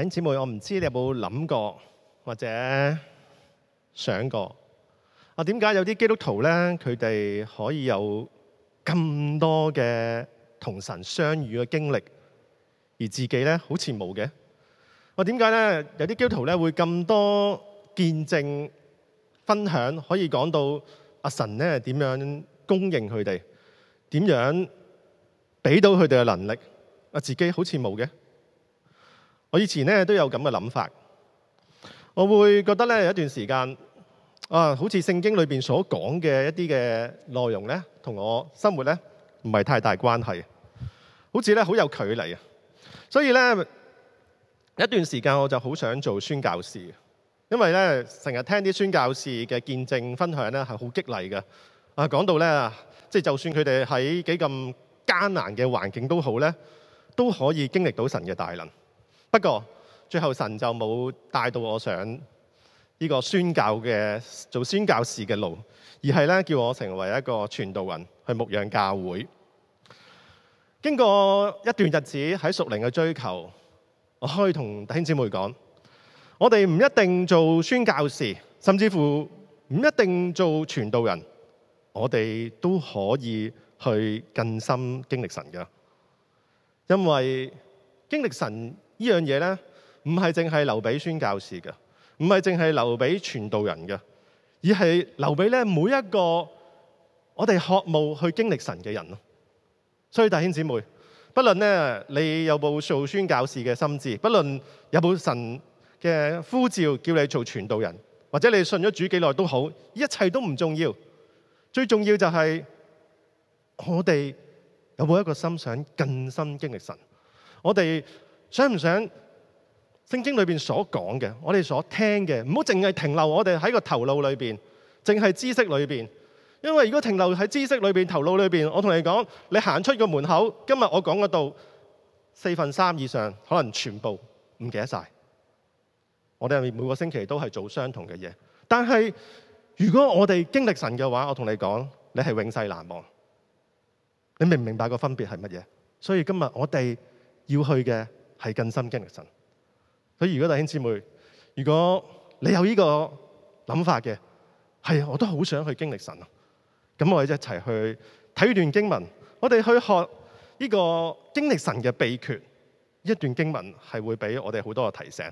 請姊妹，我唔知你有冇諗過或者想過啊？點解有啲基督徒咧，佢哋可以有咁多嘅同神相遇嘅經歷，而自己咧好似冇嘅？我點解咧有啲基督徒咧會咁多見證分享，可以講到阿神咧點樣供應佢哋，點樣俾到佢哋嘅能力？啊，自己好似冇嘅。我以前咧都有咁嘅諗法，我會覺得咧有一段時間啊，好似聖經裏邊所講嘅一啲嘅內容咧，同我生活咧唔係太大關係，好似咧好有距離啊。所以咧一段時間我就好想做宣教士，因為咧成日聽啲宣教士嘅見證分享咧係好激勵嘅啊。講到咧即係，就算佢哋喺幾咁艱難嘅環境都好咧，都可以經歷到神嘅大能。不過最後神就冇帶到我上呢個宣教嘅做宣教士嘅路，而係呢叫我成為一個傳道人去牧養教會。經過一段日子喺屬靈嘅追求，我可以同弟兄姊妹講：我哋唔一定做宣教士，甚至乎唔一定做傳道人，我哋都可以去更深經歷神㗎。因為經歷神。呢樣嘢咧，唔係淨係留俾宣教士嘅，唔係淨係留俾傳道人嘅，而係留俾咧每一個我哋渴望去經歷神嘅人咯。所以弟兄姊妹，不論咧你有冇做宣教士嘅心志，不論有冇神嘅呼召叫你做傳道人，或者你信咗主幾耐都好，一切都唔重要。最重要就係我哋有冇一個心想更深經歷神。我哋。想唔想聖經裏面所講嘅，我哋所聽嘅，唔好淨係停留我哋喺個頭腦裏邊，淨係知識裏面。因為如果停留喺知識裏面、頭腦裏面，我同你講，你行出個門口，今日我講的道講嘅道四分三以上，可能全部唔記得曬。我哋每個星期都係做相同嘅嘢，但係如果我哋經歷神嘅話，我同你講，你係永世難忘。你明唔明白個分別係乜嘢？所以今日我哋要去嘅。係更深經歷神。所以如果弟兄姊妹，如果你有呢個諗法嘅，係我都好想去經歷神啊。咁我哋一齊去睇一段經文，我哋去學呢個經歷神嘅秘訣。一段經文係會俾我哋好多嘅提醒。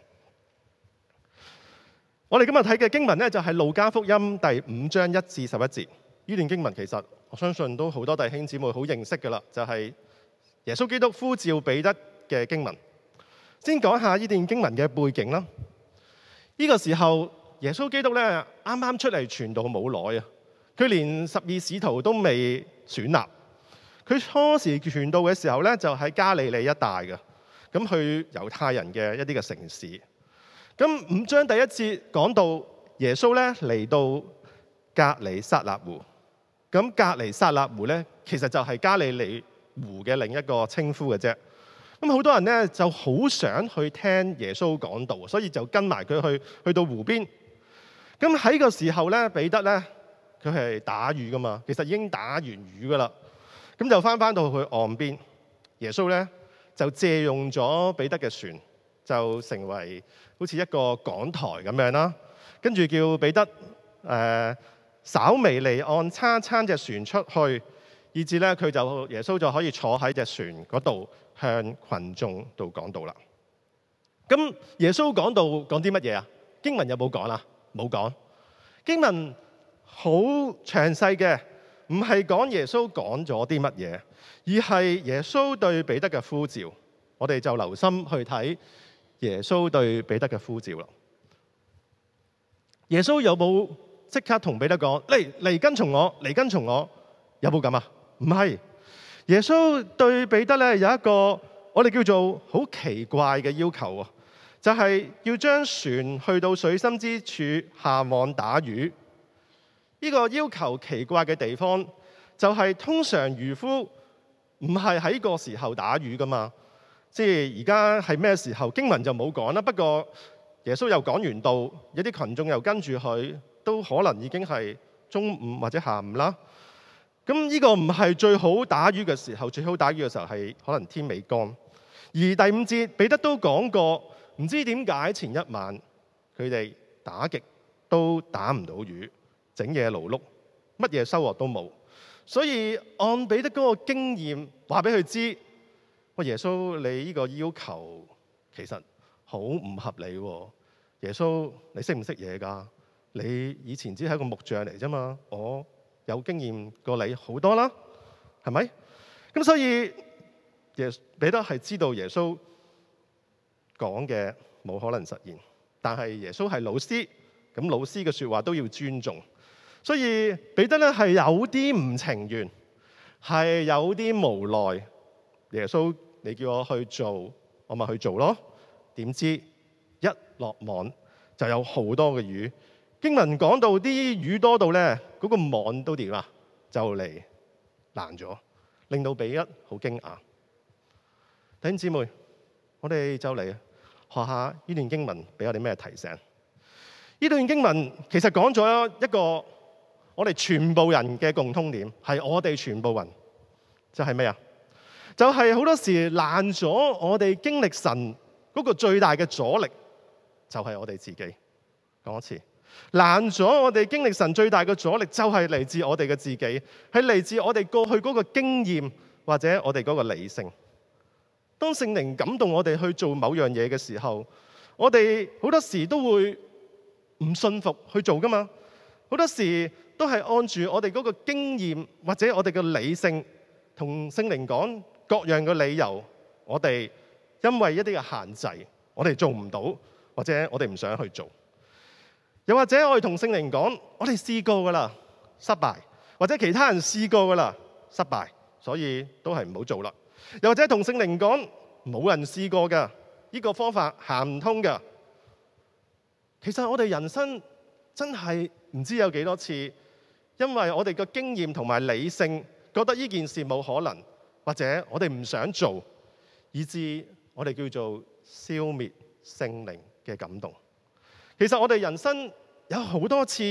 我哋今日睇嘅經文咧、就係，就係路加福音第五章一至十一節。呢段經文其實我相信都好多弟兄姊妹好認識㗎啦，就係、係、耶穌基督呼召彼得嘅經文。先講下呢段經文嘅背景啦。呢個時候耶穌基督咧，啱啱出嚟傳道冇耐啊，佢連十二使徒都未選立。佢初時傳道嘅時候咧，就喺加利利一帶嘅，咁去猶太人嘅一啲嘅城市。咁五章第一次講到耶穌咧，嚟到隔離撒納湖，咁隔離撒納湖咧，其實就係加利利湖嘅另一個稱呼嘅啫。咁好多人咧就好想去聽耶穌講道，所以就跟埋佢去去到湖邊。咁喺個時候咧，彼得咧佢係打魚噶嘛，其實已經打完魚噶啦。咁就翻翻到去岸邊，耶穌咧就借用咗彼得嘅船，就成為好似一個港台咁樣啦。跟住叫彼得誒稍微離岸撐撐隻船出去，以至咧佢就耶穌就可以坐喺隻船嗰度。向群眾度講到啦。咁耶穌講道講啲乜嘢啊？經文有冇講啊？冇講。經文好詳細嘅，唔係講耶穌講咗啲乜嘢，而係耶穌對彼得嘅呼召。我哋就留心去睇耶穌對彼得嘅呼召咯。耶穌有冇即刻同彼得講：嚟嚟跟從我，嚟跟從我？有冇咁啊？唔係。耶穌對彼得咧有一個我哋叫做好奇怪嘅要求啊，就係、是、要將船去到水深之處下網打魚。呢、這個要求奇怪嘅地方就係、是、通常漁夫唔係喺個時候打魚噶嘛，即係而家係咩時候？經文就冇講啦。不過耶穌又講完道，有啲群眾又跟住佢，都可能已經係中午或者下午啦。咁呢個唔係最好打魚嘅時候，最好打魚嘅時候係可能天未光。而第五節彼得都講過，唔知點解前一晚佢哋打極都打唔到魚，整夜勞碌，乜嘢收穫都冇。所以按彼得嗰個經驗話俾佢知，喂耶穌你呢個要求其實好唔合理喎。耶穌你識唔識嘢㗎？你以前只係一個木匠嚟啫嘛，哦。有經驗過你好多啦，係咪？咁所以，耶彼得係知道耶穌講嘅冇可能實現，但係耶穌係老師，咁老師嘅說話都要尊重。所以彼得咧係有啲唔情願，係有啲無奈。耶穌，你叫我去做，我咪去做咯。點知一落網就有好多嘅魚。經文講到啲魚多到咧，嗰個網都點啊？就嚟爛咗，令到比一好驚訝。弟兄姊妹，我哋就嚟學下呢段經文俾我哋咩提醒？呢段經文其實講咗一個我哋全部人嘅共通點，係我哋全部人就係咩啊？就係好多時爛咗，我哋經歷神嗰個最大嘅阻力就係我哋自己。講一次。難咗，我哋經歷神最大嘅阻力，就係嚟自我哋嘅自己，係嚟自我哋過去嗰個經驗或者我哋嗰個理性。當聖靈感動我哋去做某樣嘢嘅時候，我哋好多時都會唔信服去做㗎嘛。好多時都係按住我哋嗰個經驗或者我哋嘅理性，同聖靈講各樣嘅理由，我哋因為一啲嘅限制，我哋做唔到或者我哋唔想去做。又或者我哋同聖靈講，我哋試過㗎啦，失敗；或者其他人試過㗎啦，失敗，所以都係唔好做啦。又或者同聖靈講，冇人試過㗎，呢個方法行唔通㗎。其實我哋人生真係唔知有幾多次，因為我哋嘅經驗同埋理性覺得呢件事冇可能，或者我哋唔想做，以致我哋叫做消滅聖靈嘅感動。其實我哋人生有好多次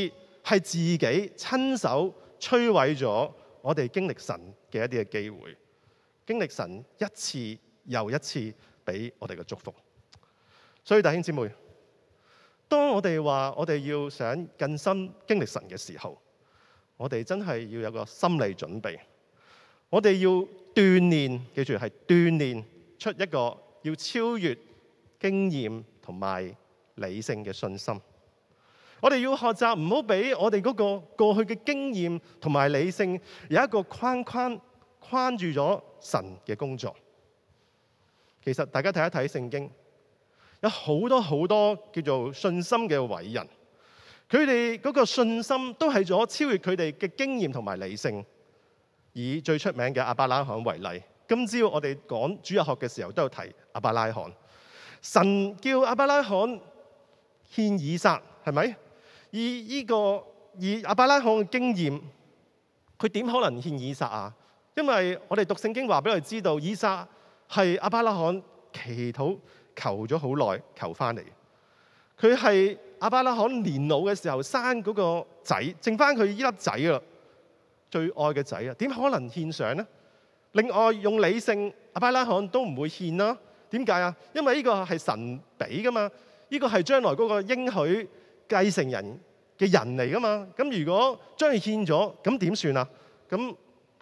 係自己親手摧毀咗我哋經歷神嘅一啲嘅機會，經歷神一次又一次俾我哋嘅祝福。所以弟兄姊妹，當我哋話我哋要想近身經歷神嘅時候，我哋真係要有個心理準備，我哋要鍛煉，記住係鍛煉出一個要超越經驗同埋理性嘅信心，我哋要學習唔好俾我哋嗰個過去嘅經驗同埋理性有一個框框框住咗神嘅工作。其實大家睇一睇聖經，有好多好多叫做信心嘅偉人，佢哋嗰個信心都係咗超越佢哋嘅經驗同埋理性。以最出名嘅亞伯拉罕為例，今朝我哋講主日學嘅時候都有提亞伯拉罕，神叫亞伯拉罕。獻以撒係咪？以呢個以亞伯拉罕嘅經驗，佢點可能獻以撒啊？因為我哋讀聖經話俾佢知道，以撒係亞伯拉罕祈禱求咗好耐，求翻嚟。佢係亞伯拉罕年老嘅時候生嗰個仔，剩翻佢呢粒仔啊，最愛嘅仔啊！點可能獻上呢？另外用理性，亞伯拉罕都唔會獻啦。點解啊？因為呢個係神俾噶嘛。呢個係將來嗰個應許繼承人嘅人嚟㗎嘛？咁如果將佢獻咗，咁點算啊？咁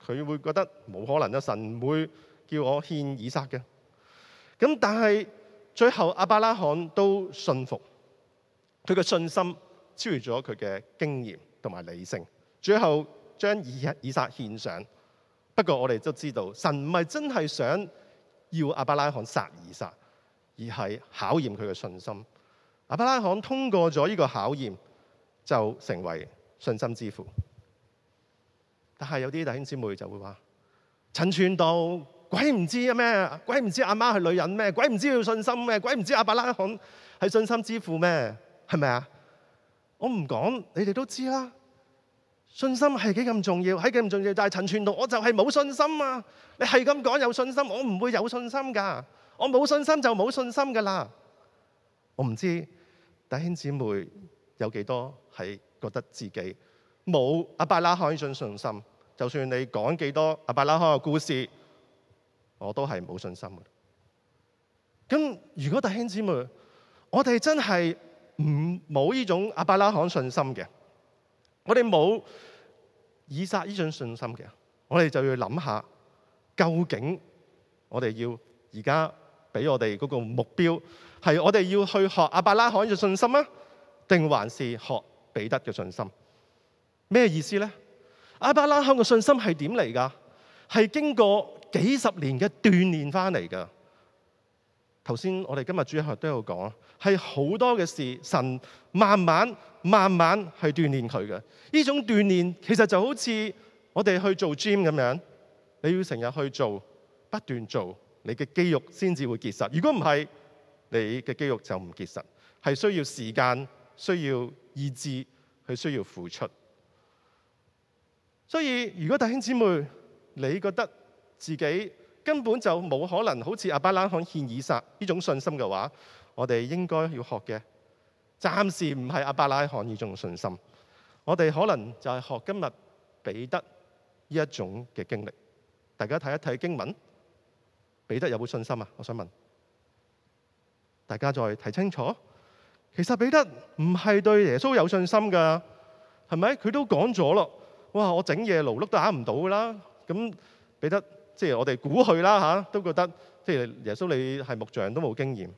佢會覺得冇可能啦！神唔會叫我獻以撒嘅。咁但係最後亞伯拉罕都信服，佢嘅信心超越咗佢嘅經驗同埋理性，最後將以以撒獻上。不過我哋都知道，神唔係真係想要亞伯拉罕殺以撒，而係考驗佢嘅信心。阿伯拉罕通過咗呢個考驗，就成為信心之父。但係有啲弟兄姊妹就會話：陳傳道，鬼唔知啊咩？鬼唔知阿媽係女人咩？鬼唔知要信心咩？鬼唔知阿伯拉罕係信心之父咩？係咪啊？我唔講，你哋都知啦。信心係幾咁重要，係幾咁重要。但係陳傳道，我就係冇信心啊！你係咁講有信心，我唔會有信心㗎。我冇信心就冇信心㗎啦。我唔知。弟兄姊妹有幾多係覺得自己冇阿伯拉罕呢種信心？就算你講幾多阿伯拉罕嘅故事，我都係冇信心嘅。咁如果弟兄姊妹，我哋真係唔冇呢種阿伯拉罕信心嘅，我哋冇以撒呢種信心嘅，我哋就要諗下，究竟我哋要而家俾我哋嗰個目標係我哋要去學阿伯拉罕嘅信心啊，定還是學彼得嘅信心？咩意思呢？阿伯拉罕嘅信心係點嚟㗎？係經過幾十年嘅鍛鍊翻嚟㗎。頭先我哋今日主日學都有講啊，係好多嘅事，神慢慢慢慢去鍛鍊佢嘅。呢種鍛鍊其實就好似我哋去做 gym 咁樣，你要成日去做，不斷做。你嘅肌肉先至會結實，如果唔係，你嘅肌肉就唔結實。係需要時間，需要意志，去需要付出。所以，如果弟兄姊妹你覺得自己根本就冇可能好似亞伯拉罕獻以撒呢種信心嘅話，我哋應該要學嘅，暫時唔係亞伯拉罕呢種信心。我哋可能就係學今日彼得呢一種嘅經歷。大家睇一睇經文。彼得有冇信心啊？我想問大家再睇清楚。其實彼得唔係對耶穌有信心噶係咪？佢都講咗咯。哇，我整夜勞碌都打唔到噶啦。咁彼得即係我哋估佢啦吓，都覺得即係耶穌你係木匠都冇經驗，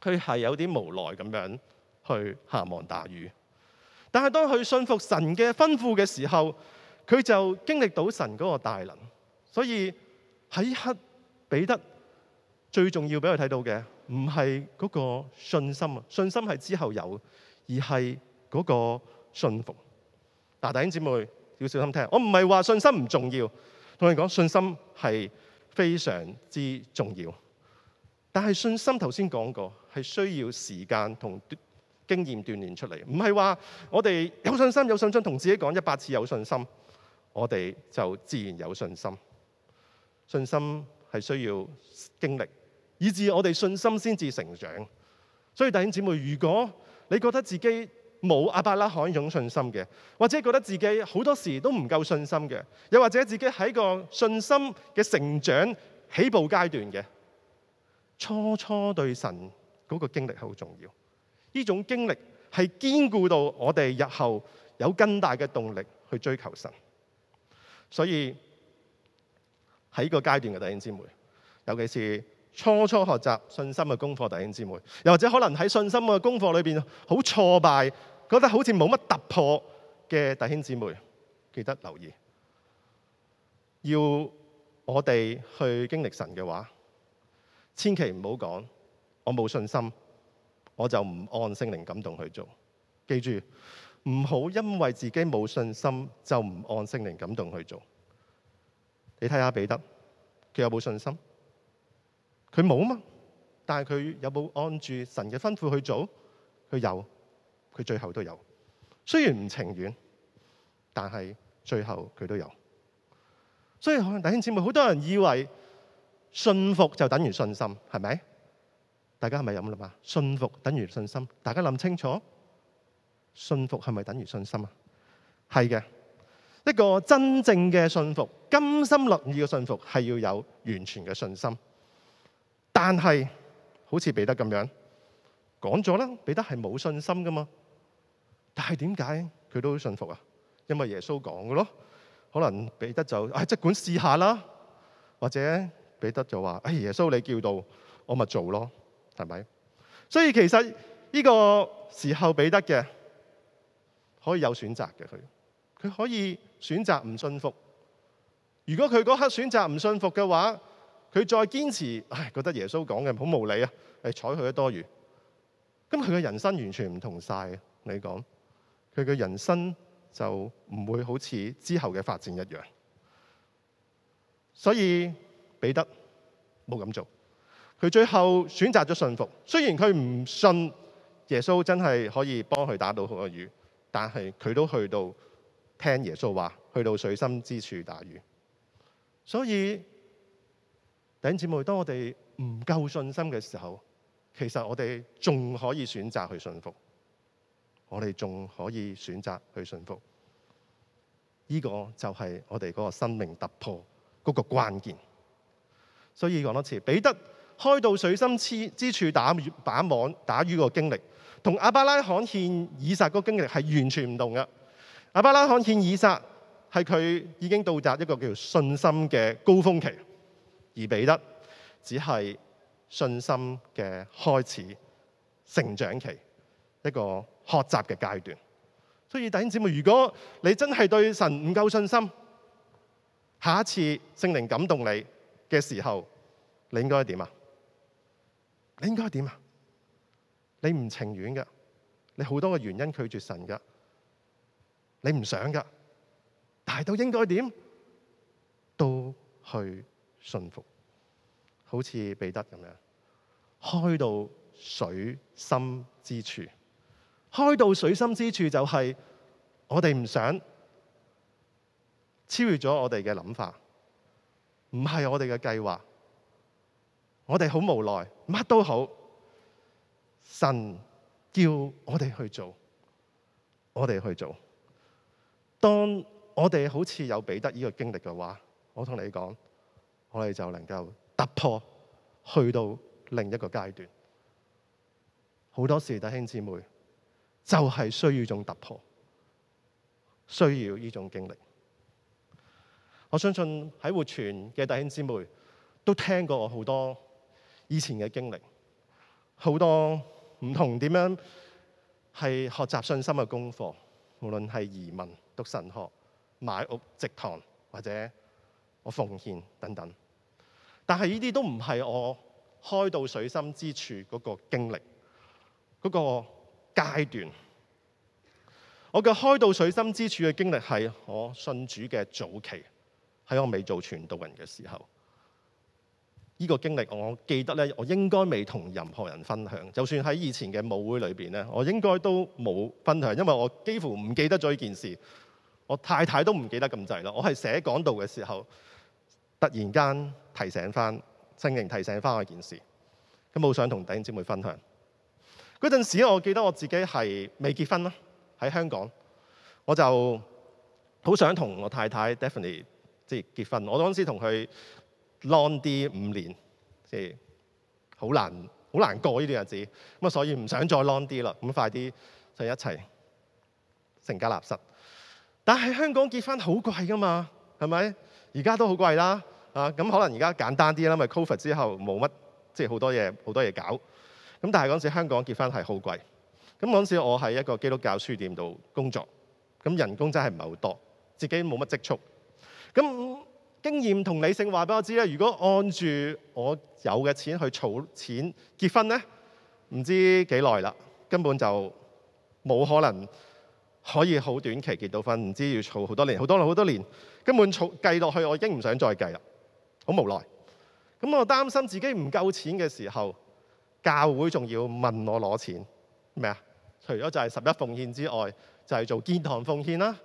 佢係有啲無奈咁樣去下望打魚。但係當佢信服神嘅吩咐嘅時候，佢就經歷到神嗰個大能。所以喺黑俾得最重要俾佢睇到嘅，唔係嗰個信心啊！信心係之後有，而係嗰個信服。但係弟兄姊妹要小心聽，我唔係話信心唔重要。同你講信心係非常之重要，但係信心頭先講過，係需要時間同經驗鍛鍊出嚟，唔係話，我哋有信心有信心同自己講一百次有信心，我哋就自然有信心。信心。係需要經歷，以致我哋信心先至成長。所以弟兄姊妹，如果你覺得自己冇阿伯拉罕一種信心嘅，或者覺得自己好多時都唔夠信心嘅，又或者自己喺個信心嘅成長起步階段嘅，初初對神嗰個經歷好重要。呢種經歷係堅固到我哋日後有更大嘅動力去追求神。所以。喺個階段嘅弟兄姊妹，尤其是初初學習信心嘅功課嘅弟兄姊妹，又或者可能喺信心嘅功課裏邊好挫敗，覺得好似冇乜突破嘅弟兄姊妹，記得留意。要我哋去經歷神嘅話，千祈唔好講我冇信心，我就唔按聖靈感動去做。記住，唔好因為自己冇信心就唔按聖靈感動去做。你睇下彼得，佢有冇信心？佢冇嘛，但佢有冇按住神嘅吩咐去做？佢有，佢最後都有。雖然唔情願，但係，最後佢都有。所以弟兄姊妹，好多人以為信服就等於信心，係咪？大家係咪咁啦嘛？信服等於信心，大家諗清楚，信服係咪等於信心？係嘅。是的一個真正嘅信服、甘心樂意嘅信服，係要有完全嘅信心。但係好似彼得咁樣講咗啦，彼得係冇信心噶嘛。但係點解佢都好信服啊？因為耶穌講嘅咯。可能彼得就唉，即管試下啦。或者彼得就話：唉，耶穌你叫到我咪做咯，係咪？所以其實呢個時候彼得嘅可以有選擇嘅佢。佢可以選擇唔信服。如果佢嗰刻選擇唔信服嘅話，佢再堅持，唉，覺得耶穌講嘅好無理啊，係採佢嘅多餘。咁佢嘅人生完全唔同曬，你講佢嘅人生就唔會好似之後嘅發展一樣。所以彼得冇咁做，佢最後選擇咗信服。雖然佢唔信耶穌真係可以幫佢打到好多魚，但係佢都去到，聽耶穌話，去到水深之處打魚。所以，弟兄姊妹，當我哋唔夠信心嘅時候，其實我哋仲可以選擇去信服。我哋仲可以選擇去信服。呢、這個就係我哋嗰個生命突破嗰個關鍵。所以講多次，彼得開到水深之處打魚、打網、打魚個經歷，同亞伯拉罕獻以撒嗰個經歷係完全唔同嘅。亞伯拉罕獻以撒，係佢已經到達一個叫信心嘅高峰期；而彼得只係信心嘅開始，成長期，一個學習嘅階段。所以弟兄姊妹，如果你真係對神唔夠信心，下一次聖靈感動你嘅時候，你應該點呀？你應該點呀？你唔情願㗎，你好多嘅原因拒絕神㗎。你唔想噶，大到應該點都去信服，好似彼得咁樣開到水深之處。開到水深之處就係我哋唔想超越咗我哋嘅諗法，唔係我哋嘅計劃。我哋好無奈，乜都好，神叫我哋去做，我哋去做。當我哋好似有彼得呢個經歷嘅話，我同你講，我哋就能夠突破去到另一個階段。好多時，弟兄姊妹就係、是、需要種突破，需要呢種經歷。我相信喺活泉嘅弟兄姊妹都聽過我好多以前嘅經歷，好多唔同點樣係學習信心嘅功課，無論係移民，讀神學、買屋、植堂或者我奉獻等等，但係呢啲都唔係我開到水深之處嗰個經歷，嗰、那個階段。我嘅開到水深之處嘅經歷係我信主嘅早期，喺我未做傳道人嘅時候，呢、這個經歷我記得呢，我應該未同任何人分享。就算喺以前嘅舞會裏邊呢，我應該都冇分享，因為我幾乎唔記得咗呢件事。我太太都唔記得咁滯咯，我係寫講道嘅時候，突然間提醒翻，聖靈提醒翻我件事，咁好想同弟兄姊妹分享。嗰陣時，我記得我自己係未結婚啦。喺香港，我就好想同我太太 Definitely 即係結婚。我嗰陣時同佢 long 啲五年，即係好難好難過呢段日子，咁啊所以唔想再 long 啲啦，咁快啲就一齊成家立室。但係香港結婚好貴噶嘛，係咪？而家都好貴啦，啊咁、啊、可能而家簡單啲啦，因為 COVID 之後冇乜，即係好多嘢好多嘢搞。咁但係嗰陣時香港結婚係好貴。咁嗰陣時我喺一個基督教書店度工作，咁人工真係唔係好多，自己冇乜積蓄。咁經驗同理性話俾我知咧，如果按住我有嘅錢去儲錢結婚咧，唔知幾耐啦，根本就冇可能。可以好短期結到婚，唔知要儲好多年，好多耐好多年，根本儲計落去，我已經唔想再計啦，好無奈。咁我擔心自己唔夠錢嘅時候，教會仲要問我攞錢，咩啊？除咗就係十一奉獻之外，就係、是、做建堂奉獻啦。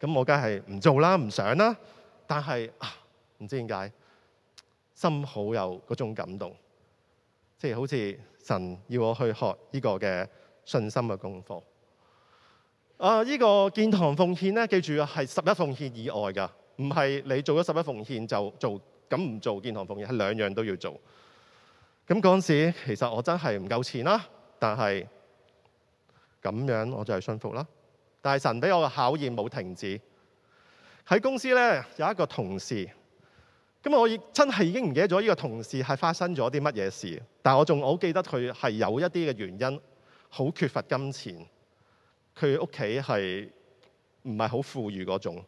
咁我梗係唔做啦，唔想啦。但係啊，唔知點解心好有嗰種感動，即、就、係、是、好似神要我去學呢個嘅信心嘅功課。啊！這個呢個建堂奉獻咧，記住係十一奉獻以外噶，唔係你做咗十一奉獻就做，咁唔做建堂奉獻係兩樣都要做。咁嗰陣時，其實我真係唔夠錢啦，但係咁樣我就係信服啦。但係神俾我嘅考驗冇停止。喺公司咧，有一個同事，咁我亦真係已經唔記得咗呢個同事係發生咗啲乜嘢事，但係我仲好記得佢係有一啲嘅原因好缺乏金錢。佢屋企係唔係好富裕嗰種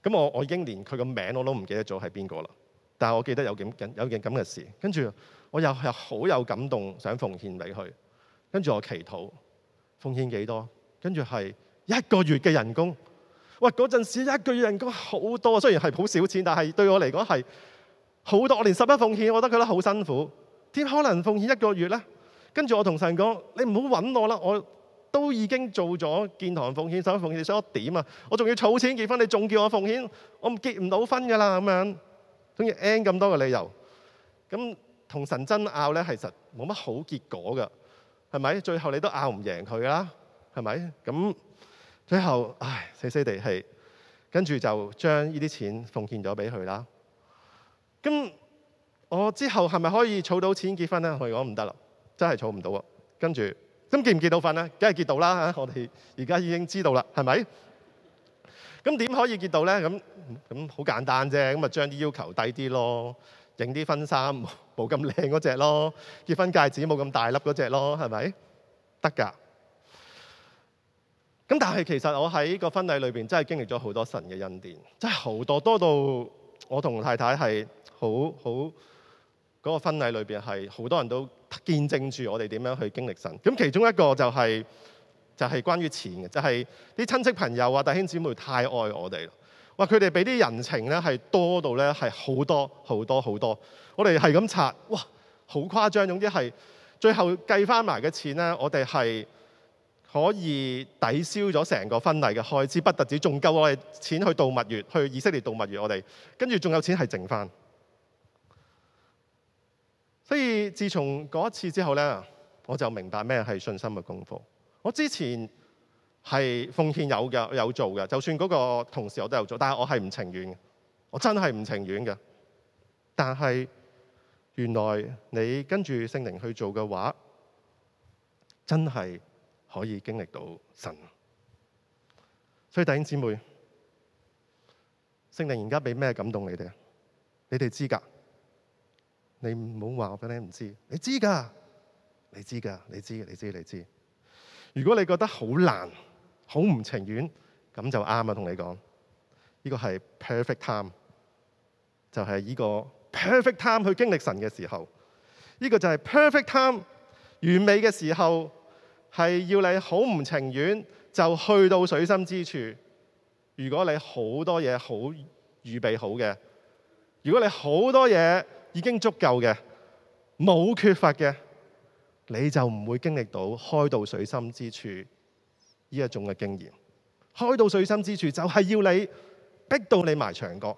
咁？我我已經連佢個名我都唔記得咗係邊個啦。但係我記得有件有件咁嘅事，跟住我又係好有感動，想奉獻俾佢。跟住我祈禱奉獻幾多？跟住係一個月嘅人工。喂，嗰陣時一個月人工好多，雖然係好少錢，但係對我嚟講係好多。我連十一奉獻我都覺得好辛苦，點可能奉獻一個月咧？跟住我同神講：你唔好搵我啦，我。都已經做咗建堂奉獻，首先奉獻咗點啊！我仲要儲錢結婚，你仲叫我奉獻，我唔結唔到婚噶啦咁樣，總之 N 咁多個理由，咁同神爭拗咧，其實冇乜好結果噶，係咪？最後你都拗唔贏佢噶啦，係咪？咁最後唉，死死地氣，跟住就將呢啲錢奉獻咗俾佢啦。咁我之後係咪可以儲到錢結婚咧？我哋講唔得啦，真係儲唔到啊！跟住。咁結唔結到婚咧？梗係結到啦嚇！我哋而家已經知道啦，係咪？咁點可以結到咧？咁咁好簡單啫！咁啊，將啲要求低啲咯，影啲婚紗冇咁靚嗰隻咯，結婚戒指冇咁大粒嗰隻咯，係咪？得㗎。咁但係其實我喺個婚禮裏面真係經歷咗好多神嘅恩典，真係好多多到我同太太係好好嗰個婚禮裏面係好多人都。見證住我哋點樣去經歷神，咁其中一個就係就係關於錢嘅，就係啲親戚朋友啊、弟兄姊妹太愛我哋啦，佢哋俾啲人情咧係多到咧係好多好多好多，我哋係咁拆，哇，好誇張，總之係最後計翻埋嘅錢咧，我哋係可以抵消咗成個婚禮嘅開支，不特止，仲夠我哋錢去度蜜月，去以色列度蜜月我，我哋跟住仲有錢係剩翻。所以，自從嗰一次之後咧，我就明白咩係信心嘅功夫。我之前係奉獻有嘅，有做嘅。就算嗰個同事我都有做，但係我係唔情願嘅，我真係唔情願嘅。但係原來你跟住聖靈去做嘅話，真係可以經歷到神。所以弟兄姊妹，聖靈而家俾咩感動你哋啊？你哋知噶。你唔好話我俾你唔知，你知噶，你知噶，你知，你知，你知。如果你覺得好難，好唔情願，咁就啱啊。同你講，呢個係 perfect time，就係依個 perfect time 去經歷神嘅時候。呢個就係 perfect time，完美嘅時候係要你好唔情願就去到水深之處。如果你好多嘢好預備好嘅，如果你好多嘢。已經足夠嘅，冇缺乏嘅，你就唔會經歷到開到水深之處呢一種嘅經驗。開到水深之處，就係要你逼到你埋牆角，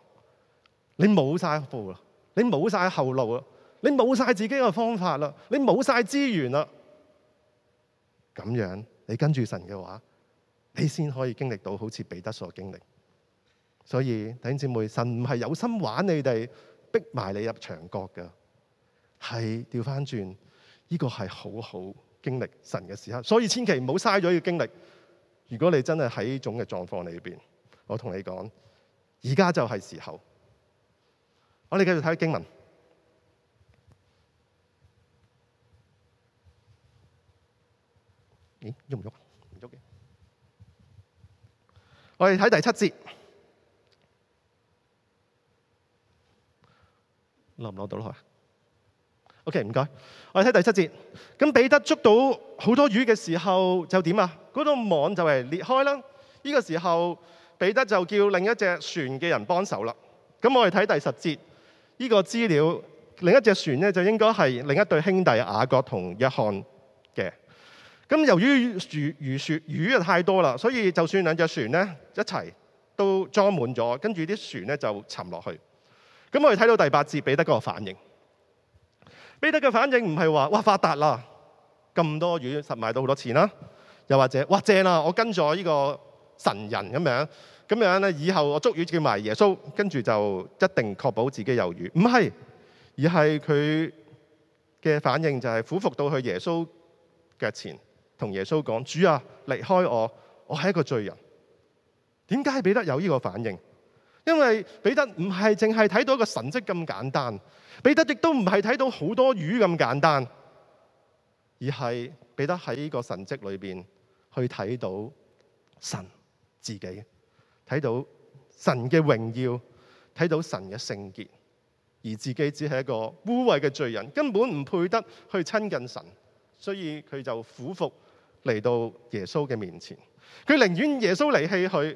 你冇晒步啦，你冇晒後路啦，你冇晒自己嘅方法啦，你冇晒資源啦。咁樣，你跟住神嘅話，你先可以經歷到好似彼得所經歷。所以弟兄姊妹，神唔係有心玩你哋。逼埋你入牆角噶，係調翻轉，呢個係好好經歷神嘅時刻，所以千祈唔好嘥咗要經歷。如果你真係喺呢種嘅狀況裏邊，我同你講，而家就係時候。我哋繼續睇經文。咦，喐唔喐，唔喐嘅。我哋睇第七節。攞唔攞到落去？OK，唔該。我哋睇第七節，咁彼得捉到好多魚嘅時候就點啊？嗰個網就係裂開啦。呢個時候彼得就叫另一隻船嘅人幫手啦。咁我哋睇第十節，呢個資料另一隻船咧就應該係另一對兄弟雅各同約翰嘅。咁由於魚魚雪魚啊太多啦，所以就算兩隻船咧一齊都裝滿咗，跟住啲船咧就沉落去。咁我哋睇到第八節，彼得嗰個反應。彼得嘅反應唔係話哇發達啦，咁多魚實賣到好多錢啦、啊，又或者哇正啦、啊，我跟咗呢個神人咁樣，咁樣咧以後我捉魚叫埋耶穌，跟住就一定確保自己有魚。唔係，而係佢嘅反應就係俯伏到去耶穌腳前，同耶穌講：主啊，離開我，我係一個罪人。點解彼得有呢個反應？因為彼得唔係淨係睇到一個神蹟咁簡單，彼得亦都唔係睇到好多魚咁簡單，而係彼得喺呢個神蹟裏邊去睇到神自己，睇到神嘅榮耀，睇到神嘅聖潔，而自己只係一個污穢嘅罪人，根本唔配得去親近神，所以佢就俯伏嚟到耶穌嘅面前。佢寧願耶穌離棄佢，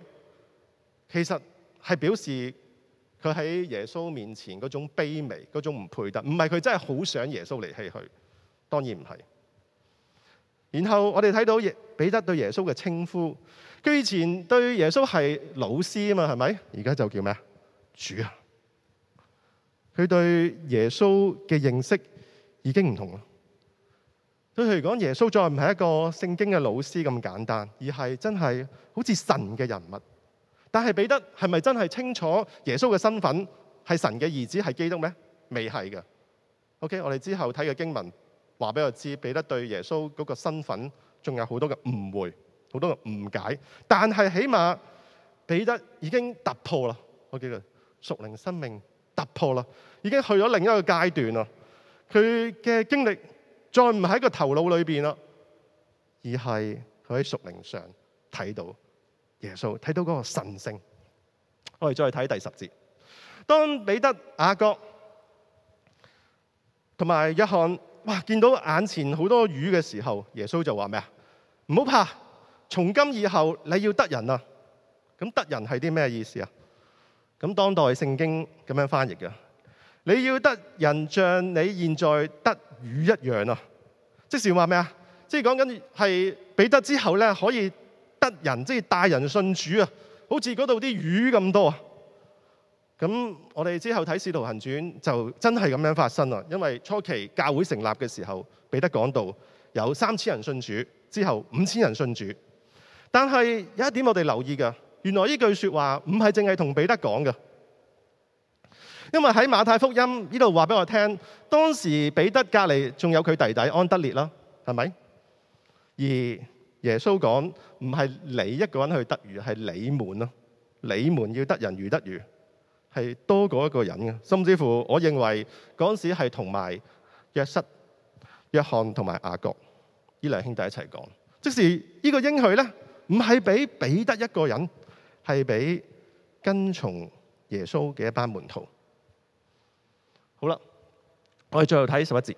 其實。係表示佢喺耶穌面前嗰種卑微、嗰種唔配得，唔係佢真係好想耶穌離棄佢，當然唔係。然後我哋睇到彼得對耶穌嘅稱呼，佢以前對耶穌係老師啊嘛，係咪？而家就叫咩？主啊！佢對耶穌嘅認識已經唔同啦。對佢嚟講，耶穌再唔係一個聖經嘅老師咁簡單，而係真係好似神嘅人物。但係彼得係咪真係清楚耶穌嘅身份係神嘅兒子係基督咩？未係嘅。OK，我哋之後睇嘅經文話俾我知，彼得對耶穌嗰個身份仲有好多嘅誤會、好多嘅誤解。但係起碼彼得已經突破了，我記得屬靈生命突破了，已經去咗另一個階段了。佢嘅經歷再唔係喺個頭腦裏面了，而係佢喺屬靈上睇到。耶穌睇到嗰個神聖，我哋再睇第十節。當彼得、雅各同埋約翰，哇，見到眼前好多魚嘅時候，耶穌就話咩啊？唔好怕，從今以後你要得人啊！咁得人係啲咩意思啊？咁當代聖經咁樣翻譯嘅，你要得人像你現在得魚一樣啊！即時要話咩啊？即係講緊係彼得之後咧，可以。人即係、就是、大人信主啊，好似嗰度啲魚咁多啊！咁我哋之後睇《使徒行傳》就真係咁樣發生啦。因為初期教會成立嘅時候，彼得講道有三千人信主，之後五千人信主。但係有一點我哋留意噶，原來呢句說話唔係淨係同彼得講噶，因為喺馬太福音呢度話俾我聽，當時彼得隔籬仲有佢弟弟安德烈啦，係咪？而耶穌講：唔係你一個人去得魚，係你們。你們要得人如得魚，係多過一個人。甚至乎，我認為嗰陣時係同埋約瑟、約翰同埋雅各呢兩兄弟一齊講。即使呢個應許呢，唔係俾彼得一個人，係俾跟從耶穌嘅一班門徒。好啦，我哋最後睇十一節。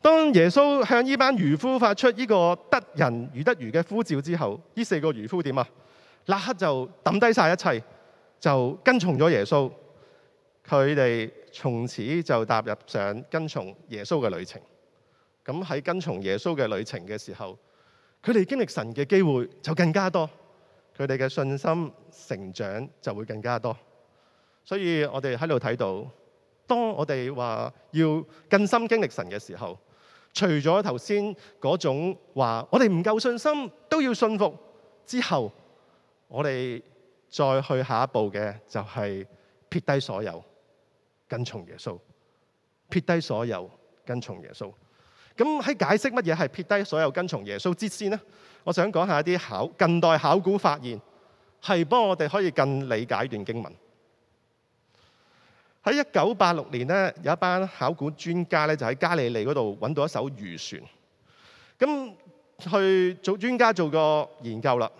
當耶穌向呢班漁夫發出呢個得人如得魚嘅呼召之後，呢四個漁夫點啊？立刻就抌低晒一切，就跟從咗耶穌。佢哋從此就踏入上跟從耶穌嘅旅程。咁喺跟從耶穌嘅旅程嘅時候，佢哋經歷神嘅機會就更加多，佢哋嘅信心成長就會更加多。所以我哋喺度睇到。當我哋話要更深經歷神嘅時候，除咗頭先嗰種話，我哋唔夠信心都要信服之後，我哋再去下一步嘅就係撇低所有跟從耶穌，撇低所有跟從耶穌。咁喺解釋乜嘢係撇低所有跟從耶穌之先呢，我想講下一啲考近代考古發現，係幫我哋可以更理解一段經文。喺一九八六年咧，有一班考古專家咧，就喺加利利嗰度揾到一艘漁船，咁去做專家做個研究啦。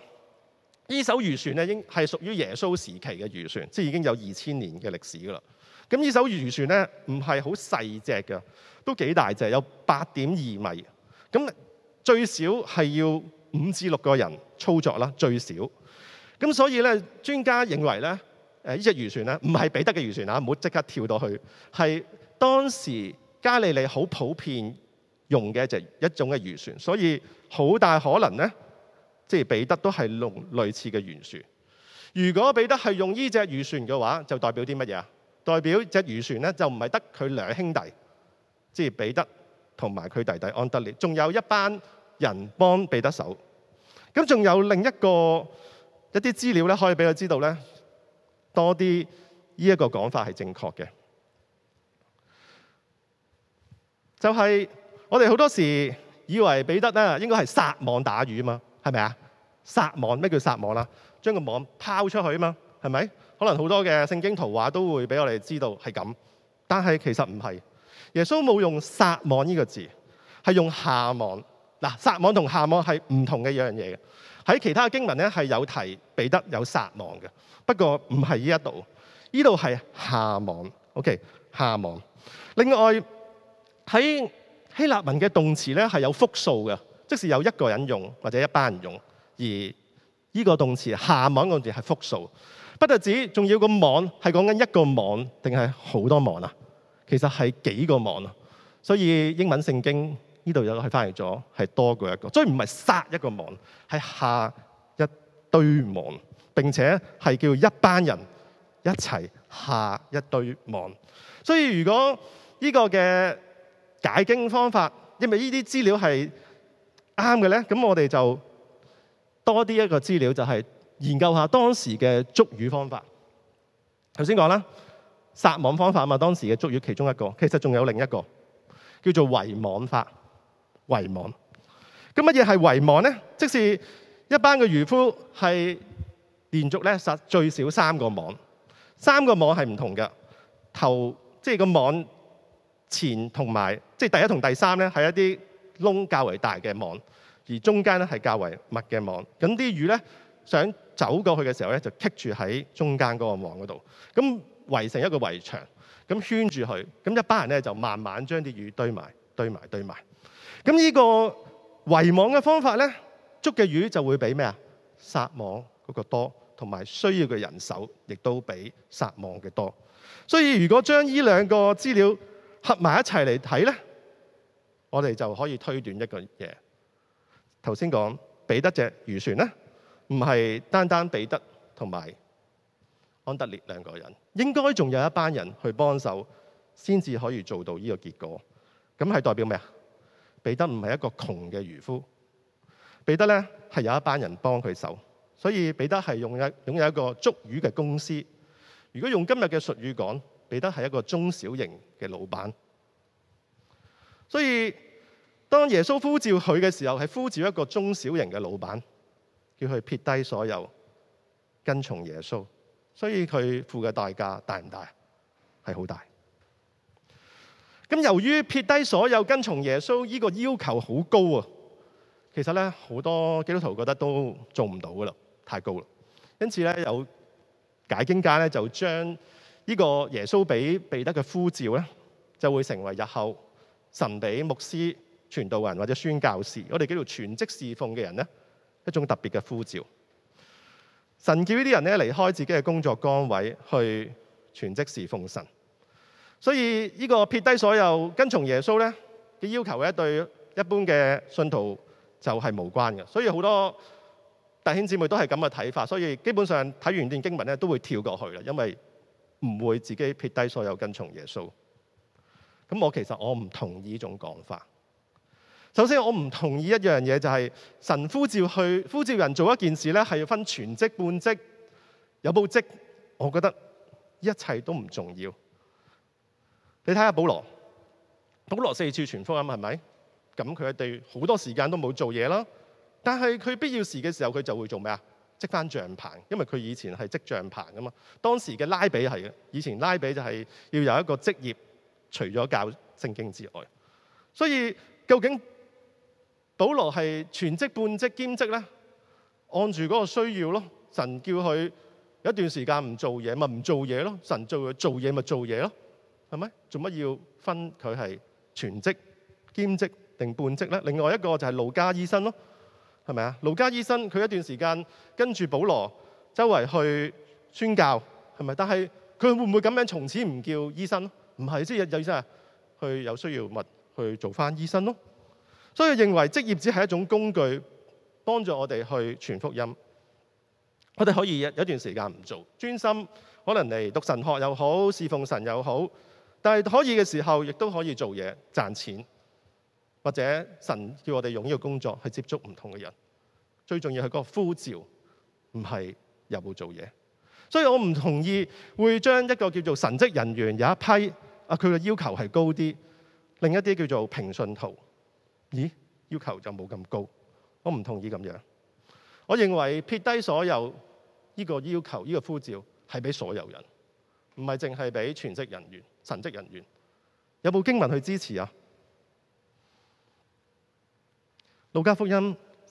呢艘漁船咧，應係屬於耶穌時期嘅漁船，即係已經有二千年嘅歷史噶啦。咁呢艘漁船咧，唔係好細隻細隻嘅，都幾大隻，有八點二米。咁最少係要五至六個人操作啦，最少。咁所以咧，專家認為咧。誒呢隻漁船咧，唔係彼得嘅漁船啊！唔好即刻跳到去，係當時加利利好普遍用嘅就一種嘅漁船，所以好大可能呢，即係彼得都係用類似嘅漁船。如果彼得係用呢隻漁船嘅話，就代表啲乜嘢啊？代表隻漁船呢，就唔係得佢兩兄弟，即係彼得同埋佢弟弟安德烈，仲有一班人幫彼得手。咁仲有另一個一啲資料咧，可以俾佢知道呢。.多啲呢一個講法係正確嘅，就係我哋好多時以為彼得咧應該係撒網打魚啊嘛，係咪啊？撒網，咩叫撒網啦？將個網拋出去啊嘛，係咪？可能好多嘅聖經圖畫都會俾我哋知道係咁，但係其實唔係。耶穌冇用撒網呢個字，係用下網嗱。撒網同下網係唔同嘅一樣嘢。喺其他嘅經文咧係有提彼得有撒網嘅，不過唔係呢一度，呢度係下網。OK，下網。另外喺希臘文嘅動詞咧係有複數嘅，即係有一個人用或者一班人用。而呢個動詞下網個字係複數，不特止，仲要個網係講緊一個網定係好多網啊？其實係幾個網啊？所以英文聖經。呢度有係翻譯咗，係多過一個，所以唔係撒一個網，係下一堆網，並且係叫一班人一齊下一堆網。所以如果呢個嘅解經方法，因為呢啲資料係啱嘅咧，咁我哋就多啲一,一個資料，就係、是、研究下當時嘅捉魚方法。頭先講啦，撒網方法啊嘛，當時嘅捉魚其中一個，其實仲有另一個叫做圍網法。圍網，咁乜嘢係圍網咧？即係一班嘅漁夫係連續咧撒最少三個網，三個網係唔同嘅，頭即係個網前同埋即係第一同第三咧係一啲窿較為大嘅網，而中間咧係較為密嘅網。咁啲魚咧想走過去嘅時候咧就棘住喺中間嗰個網嗰度，咁圍成一個圍牆，咁圈住佢。咁一班人咧就慢慢將啲魚堆埋、堆埋、堆埋。咁呢個圍網嘅方法咧，捉嘅魚就會比咩啊？撒網嗰個多，同埋需要嘅人手亦都比撒網嘅多。所以如果將呢兩個資料合埋一齊嚟睇咧，我哋就可以推斷一個嘢。頭先講彼得隻漁船咧，唔係單單彼得同埋安德烈兩個人，應該仲有一班人去幫手先至可以做到呢個結果。咁係代表咩啊？彼得唔係一個窮嘅漁夫，彼得呢係有一班人幫佢手，所以彼得係用一擁有一個捉魚嘅公司。如果用今日嘅術語講，彼得係一個中小型嘅老闆。所以當耶穌呼召佢嘅時候，係呼召一個中小型嘅老闆，叫佢撇低所有跟從耶穌。所以佢付嘅代價大唔大？係好大。咁由於撇低所有跟從耶穌呢個要求好高啊，其實咧好多基督徒覺得都做唔到㗎喇，太高啦。因此咧有解經家咧就將呢個耶穌俾彼得嘅呼召咧，就會成為日後神俾牧師、傳道人或者宣教士——我哋叫做全職侍奉嘅人咧一種特別嘅呼召。神叫呢啲人咧離開自己嘅工作崗位去全職侍奉神。所以呢個撇低所有跟從耶穌呢嘅要求對一對一般嘅信徒就係無關嘅，所以好多弟兄姊妹都係咁嘅睇法。所以基本上睇完段經文呢都會跳過去啦，因為唔會自己撇低所有跟從耶穌。咁我其實我唔同意呢種講法。首先我唔同意一樣嘢，就係神呼召去呼召人做一件事呢，係分全職半職有報職，我覺得一切都唔重要。你睇下保羅，保羅四次全福音嘛，係咪？咁佢哋好多時間都冇做嘢啦，但係佢必要時嘅時候佢就會做咩啊？積翻帳棚，因為佢以前係積帳棚噶嘛。當時嘅拉比係嘅，以前拉比就係要有一個職業，除咗教聖經之外。所以究竟保羅係全職、半職、兼職咧？按住嗰個需要咯。神叫佢有一段時間唔做嘢，咪唔做嘢咯。神叫佢做嘢，咪做嘢咯。係咪？做乜要分佢係全職、兼職定半職呢？另外一個就係路加醫生咯，係咪啊？路加醫生佢一段時間跟住保羅周圍去宣教，係咪？但係佢會唔會咁樣從此唔叫醫生？唔係，即係有醫生啊，去有需要咪去做翻醫生咯。所以認為職業只係一種工具，幫助我哋去傳福音。我哋可以有有一段時間唔做，專心可能嚟讀神學又好，侍奉神又好。但係可以嘅時候，亦都可以做嘢賺錢，或者神叫我哋用呢個工作去接觸唔同嘅人。最重要係嗰個呼召，唔係有冇做嘢。所以我唔同意會將一個叫做神職人員有一批啊，佢嘅要求係高啲，另一啲叫做平信徒，咦，要求就冇咁高。我唔同意咁樣。我認為撇低所有呢個要求，呢個呼召係俾所有人。唔係淨係俾全職人員、神職人員，有冇經文去支持啊？《路加福音》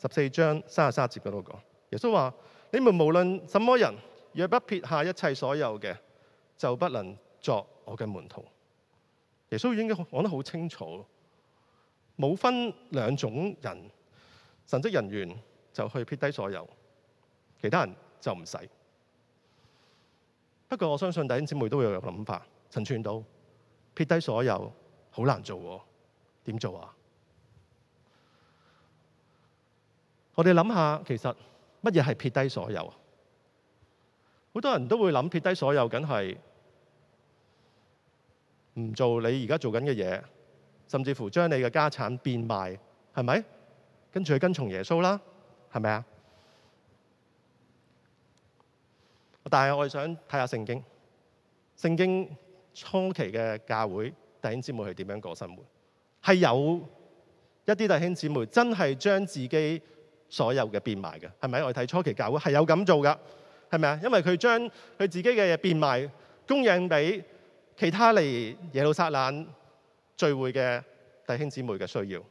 十四章三十三節嗰度講，耶穌話：你們無論什麼人，若不撇下一切所有嘅，就不能作我嘅門徒。耶穌已經講得好清楚，冇分兩種人，神職人員就去撇低所有，其他人就唔使。不過我相信弟兄姊妹都會有諗法，陳傳道撇低所、所有，好難做喎。點做啊？我哋諗下，其實乜嘢係撇低所有？好多人都會諗撇低所有，梗係唔做你而家做緊嘅嘢，甚至乎將你嘅家產變賣，係咪？跟住去跟從耶穌啦，係咪啊？但係我哋想睇下聖經，聖經初期嘅教會弟兄姊妹係點樣過生活？係有一啲弟兄姊妹真係將自己所有嘅變賣嘅，係咪？我哋睇初期教會係有咁做噶，係咪啊？因為佢將佢自己嘅嘢變賣，供應俾其他嚟耶路撒冷聚會嘅弟兄姊妹嘅需要，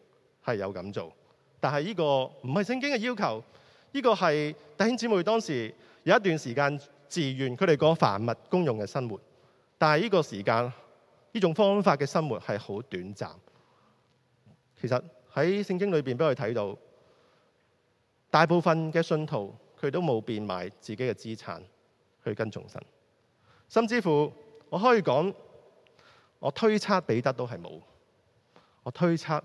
係有咁做。但係呢個唔係聖經嘅要求，呢、呢個係弟兄姊妹當時有一段時間。自願佢哋個凡物公用嘅生活，但係呢個時間呢種方法嘅生活係好短暫。其實喺聖經裏邊，俾我哋睇到大部分嘅信徒佢都冇變賣自己嘅資產去跟從神，甚至乎我可以講，我推測彼得都係冇。我推測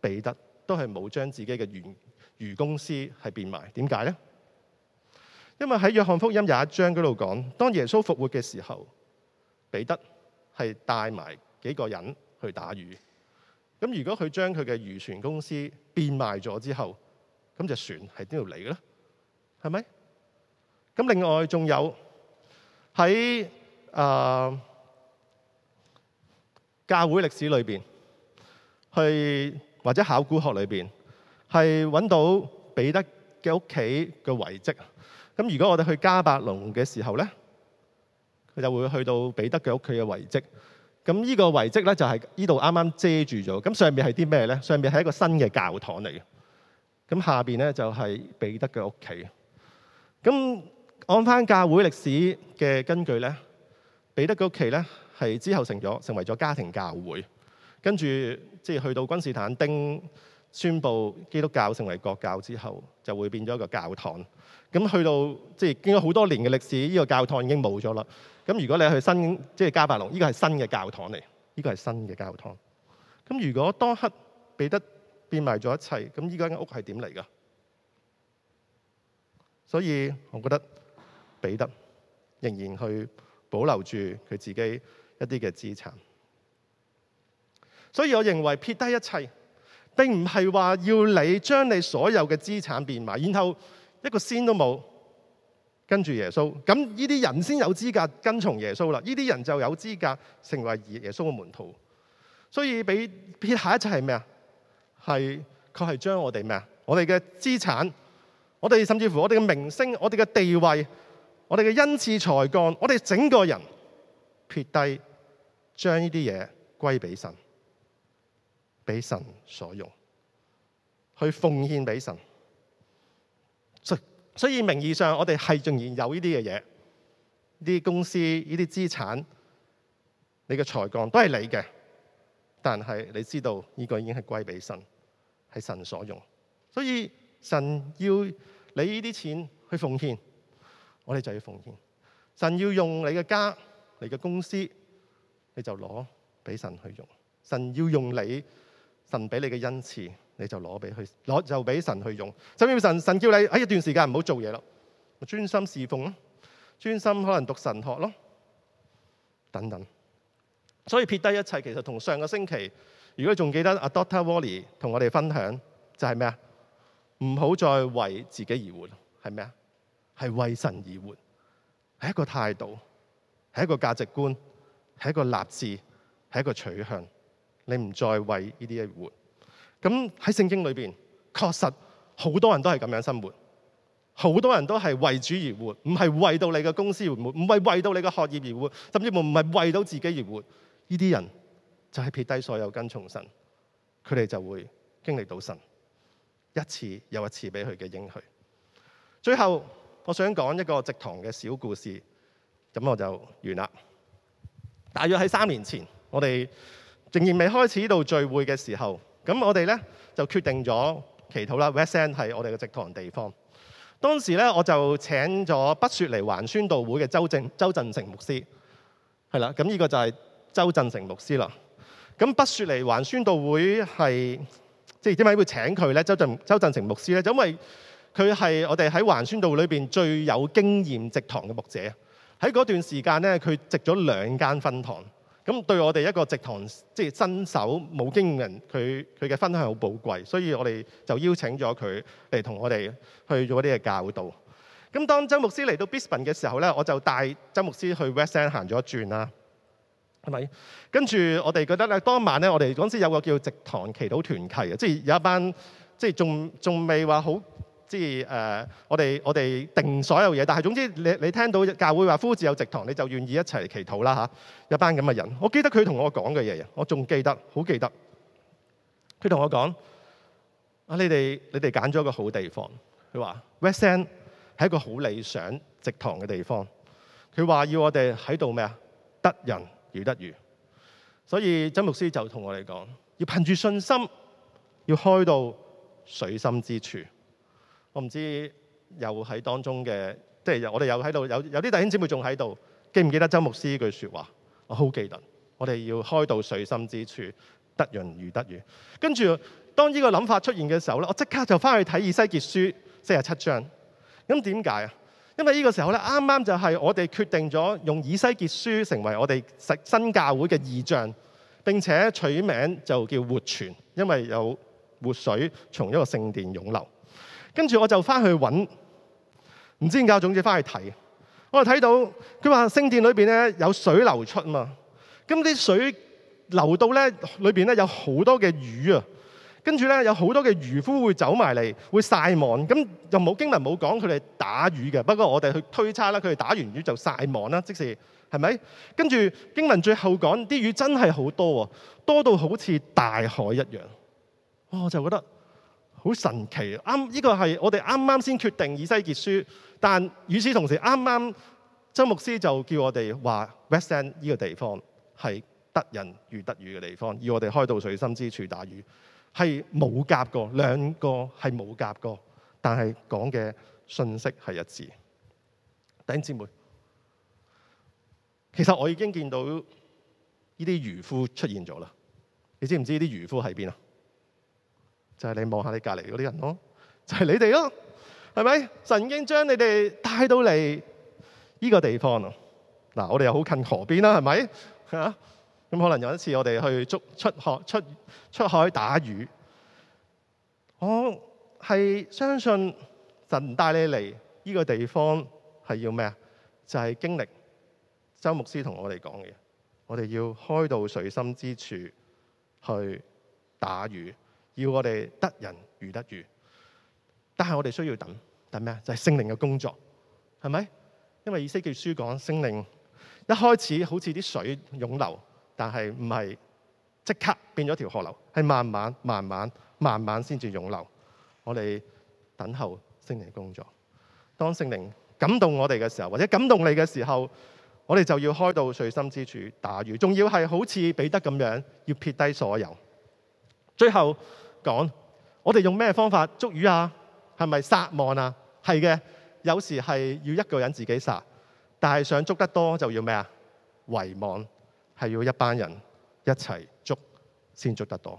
彼得都係冇將自己嘅魚公司係變賣，點解咧？因為喺《約翰福音》廿一章嗰度講，當耶穌復活嘅時候，彼得係帶埋幾個人去打魚。咁如果佢將佢嘅漁船公司變賣咗之後，咁隻船係邊度嚟嘅咧？係咪？咁另外仲有喺誒、呃、教會歷史裏邊，係或者考古學裏邊，係揾到彼得嘅屋企嘅遺跡。咁如果我哋去迦百農嘅時候咧，佢就會去到彼得嘅屋企嘅遺跡。咁、這、呢個遺跡咧就係呢度啱啱遮住咗。咁上面係啲咩咧？上面係一個新嘅教堂嚟。咁下邊咧就係彼得嘅屋企。咁按翻教會歷史嘅根據咧，彼得嘅屋企咧係之後成咗成為咗家庭教會，跟住即係去到君士坦丁宣布基督教成為國教之後，就會變咗一個教堂。咁去到即係經過好多年嘅歷史，呢、這個教堂已經冇咗啦。咁如果你去新即係、就是、迦百農，依、這個係新嘅教堂嚟，呢個係新嘅教堂。咁、這個、如果當刻彼得變賣咗一切，咁依家間屋係點嚟㗎？所以我覺得彼得仍然去保留住佢自己一啲嘅資產。所以我認為撇低一切並唔係話要你將你所有嘅資產變賣，然後。一個仙都冇跟住耶穌，咁呢啲人先有資格跟從耶穌啦。呢啲人就有資格成為耶穌嘅門徒。所以俾撇下一切係咩啊？係佢係將我哋咩啊？我哋嘅資產，我哋甚至乎我哋嘅名聲，我哋嘅地位，我哋嘅恩賜才幹，我哋整個人撇低，將呢啲嘢歸俾神，俾神所用，去奉獻俾神。所以，名義上我哋係仍然有呢啲嘅嘢，呢啲公司、呢啲資產，你嘅財幹都係你嘅，但係你知道呢個已經係歸俾神，係神所用。所以神要你呢啲錢去奉獻，我哋就要奉獻；神要用你嘅家、你嘅公司，你就攞俾神去用。神要用你，神俾你嘅恩賜。你就攞俾去攞就俾神去用，神要神，就至神神叫你喺一段時間唔好做嘢咯，專心侍奉咯、啊，專心可能讀神學咯，等等。所以撇低一切，其實同上個星期，如果你仲記得阿 Doctor Wally 同我哋分享，就係咩啊？唔好再為自己而活，係咩啊？係為神而活，係一個態度，係一個價值觀，係一個立志，係一個取向。你唔再為呢啲而活。咁喺聖經裏面，確實好多人都係咁樣生活，好多人都係為主而活，唔係為到你嘅公司而活，唔係為到你嘅學業而活，甚至乎唔係為到自己而活。呢啲人就係撇低所有跟從神，佢哋就會經歷到神一次又一次俾佢嘅應許。最後，我想講一個植堂嘅小故事，咁我就完啦。大約喺三年前，我哋仍然未開始呢度聚會嘅時候。咁我哋咧就決定咗祈禱啦，West End 係我哋嘅植堂地方。當時咧我就請咗北雪梨環宣道會嘅周正周振成牧師，係啦。咁呢個就係周振成牧師啦。咁北雪梨環宣道會係即係點解會請佢咧？周振周振成牧師咧，就因為佢係我哋喺環宣道裏面最有經驗植堂嘅牧者。喺嗰段時間咧，佢植咗兩間分堂。咁對我哋一個直堂，即係新手冇經驗，佢佢嘅分享好寶貴，所以我哋就邀請咗佢嚟同我哋去咗啲嘅教導。咁當周牧師嚟到 Brisbane 嘅時候咧，我就帶周牧師去 West End 行咗一轉啦，係咪？跟住我哋覺得咧，當晚咧，我哋嗰陣時有個叫直堂祈禱團契啊，即係有一班即係仲仲未話好。即係誒，我哋我哋定所有嘢，但係總之你你聽到教會話呼召有植堂，你就願意一齊祈禱啦吓，一班咁嘅人，我記得佢同我講嘅嘢啊，我仲記得好記得。佢同我講啊，你哋你哋揀咗一個好地方，佢話 West End 係一個好理想植堂嘅地方。佢話要我哋喺度咩啊？得人如得魚，所以曾牧師就同我哋講要憑住信心，要開到水深之處。我唔知有喺當中嘅，即係我哋有喺度，有有啲弟兄姊妹仲喺度，記唔記得周牧師呢句説話？我好記得。我哋要開到水深之處，得人如得魚。跟住當呢個諗法出現嘅時候咧，我即刻就翻去睇以西結書四十七章。咁點解啊？因為呢個時候咧，啱啱就係我哋決定咗用以西結書成為我哋實新教會嘅異象，並且取名就叫活泉，因為有活水從一個聖殿湧流。跟住我就翻去揾，唔知點解總之翻去睇，我睇到佢話聖殿裏邊咧有水流出啊嘛，咁啲水流到咧裏邊咧有好多嘅魚啊，跟住咧有好多嘅漁夫會走埋嚟會晒網，咁又冇經文冇講佢哋打魚嘅，不過我哋去推測啦，佢哋打完魚就晒網啦，即係係咪？跟住經文最後講啲魚真係好多喎，多到好似大海一樣，我就覺得。好神奇！啱、這、呢個係我哋啱啱先決定以西結書，但與此同時，啱啱周牧師就叫我哋話 West End 呢個地方係得人如得魚嘅地方，要我哋開到水深之處打魚。係冇夾過兩個，係冇夾過，但係講嘅信息係一致。弟兄姊妹，其實我已經見到呢啲漁夫出現咗啦。你知唔知啲漁夫喺邊啊？就係你望下你隔離嗰啲人咯，就係、是、你哋咯，係咪？神已經將你哋帶到嚟依個地方咯。嗱，我哋又好近河邊啦，係咪？嚇，咁可能有一次我哋去捉出海出出海打魚。我係相信神帶你嚟依個地方係要咩啊？就係、是、經歷。周牧師同我哋講嘅，我哋要開到水深之處去打魚。要我哋得人如得魚，但係我哋需要等，等咩？就係、是、聖靈嘅工作，係咪？因為《以西結書》講聖靈一開始好似啲水湧流，但係唔係即刻變咗條河流，係慢慢、慢慢、慢慢先至湧流。我哋等候聖靈嘅工作。當聖靈感動我哋嘅時候，或者感動你嘅時候，我哋就要開到水深之處打魚，仲要係好似彼得咁樣要撇低所有，最後。講，我哋用咩方法捉魚啊？係咪撒網啊？係嘅，有時係要一個人自己撒，但係想捉得多就要咩啊？圍網，係要一班人一齊捉先捉得多。